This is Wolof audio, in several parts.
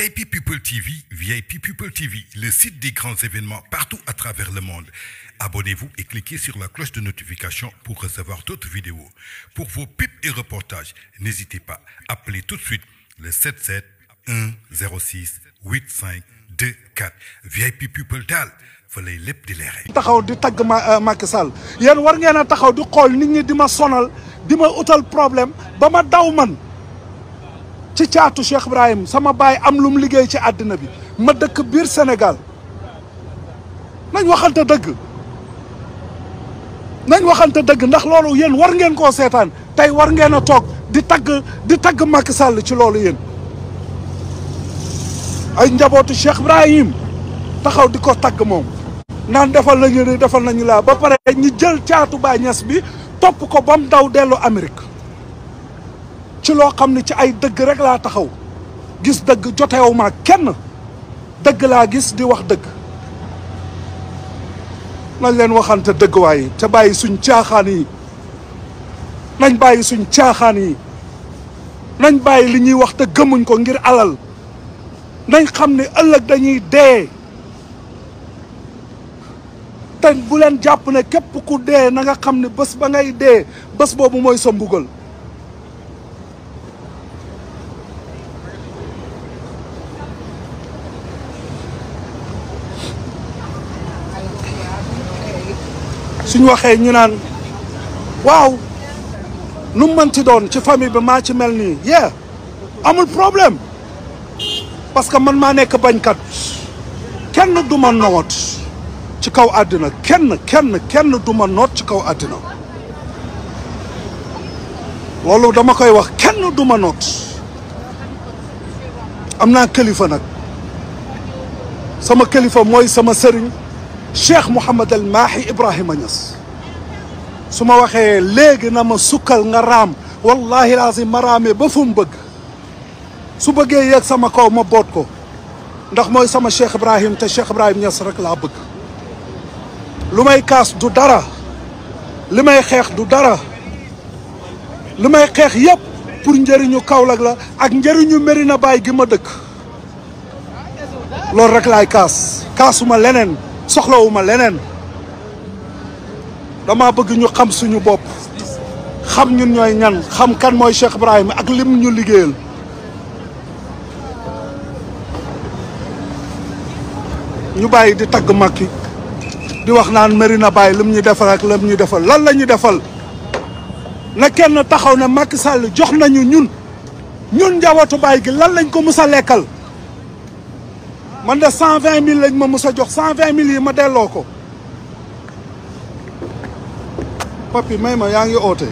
VIP People TV, VIP People TV, le site des grands événements partout à travers le monde. Abonnez-vous et cliquez sur la cloche de notification pour recevoir d'autres vidéos. Pour vos pipes et reportages, n'hésitez pas, appelez tout de suite le 77 106 85 24 VIP People Dal. fa lay ci caatu Cheikh Ibrahim sama bay am lum liggey ci aduna bi ma dekk bir senegal nañ waxante deug nañ waxante deug ndax lolu yeen war ngeen ko setan tay war ngeena tok di tag di tag Macky Sall ci lolu yeen ay njabotu Cheikh Ibrahim taxaw di ko tagg moom naan defal lañu defal nañu la ba pare ñu jël caatu Baay Ñas bi top ko bam daw dellu amerique ci loo xam ne ci ay dëgg rek laa taxaw gis dëgg joteewu kenn dëgg laa gis di wax dëgg nañ leen waxante dëgg waaye te bàyyi suñ caaxaan yi nañ bàyyi suñ caaxaan yi nañ bàyyi li ñuy wax te gëmuñ ko ngir alal nañ xam ne ëllëg dañuy dee te bu leen jàpp ne képp ku dee na nga xam ne bés ba ngay dee bés boobu mooy sa mbugal suñ waxee ñu naan waaw nu mu mën ci doon ci famille bi maa ci mel nii yee amul problème parce que man maa nekk bañkat kenn du ma noot ci kaw àddina kenn kenn kenn du ma noot ci kaw àddina loolu dama koy wax kenn du ma noot am naa kilifa nag sama kilifa mooy sama sëriñ cheikh mouhamadal maahi ibrahima ñas su ma waxee léegi na ma sukkal nga raam wallahi laazim ma raamee ba fu mu bëgg su bëggee yeeg sama kaw ma boot ko ndax mooy sama cheikh ibrahim te cheikh ibrahim ñas rek laa bëgg lu may kaas du dara li may xeex du dara li may xeex yépp pour njëriñu Kaolack la ak njëriñu Medina Baye gi ma dëkk loolu rek laay kaas kaasuma leneen soxlawuma leneen dama bëgg ñu xam suñu bopp xam ñun ñooy ñan xam kan mooy Cheikh Ibrahima ak lim ñu liggéeyal ñu bàyyi di tagg Macky di wax naan marina Baye lim ñu defal ak lim ñu defal lan la ñu defal na kenn taxaw ne Macky Sall jox nañu ñun ñun njabootu Baye gi lan lañ ko mus a lekkal man de cent vingt mille lañ ma mës a jox cent vingt mille yi ma delloo ko papi may ma yaa ngi oote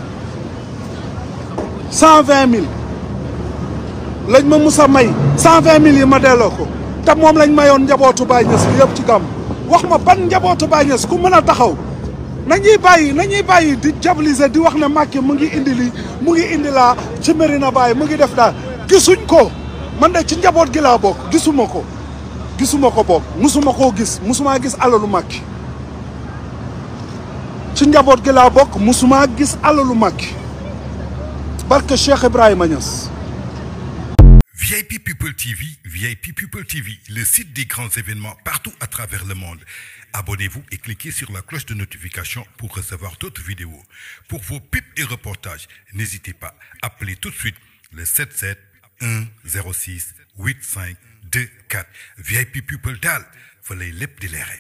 cent vingt mille lañ ma mës a may cent vingt mille yi ma delloo ko te moom lañ mayoon njabootu Baay Ñas bi yëpp ci gàmm wax ma ban njabootu Baay Ñas ku mën a taxaw nañuy bàyyi nañuy bàyyi di diaboliser di wax ne Macky mu ngi indi lii mu ngi indi laa ci Médina Baye mu ngi def daal gisuñ ko man de ci njaboot gi laa bokk gisuma ko gisuma ko musuma gis gis barke Cheikh Ibrahima VIP People TV, VIP People TV, le site des grands événements partout à travers le monde. Abonnez-vous et cliquez sur la cloche de notification pour recevoir d'autres vidéos. Pour vos pips et reportages, n'hésitez pas, appelez tout de suite le 77 106 85 2 4 VIP people daal fa lay lépp di leere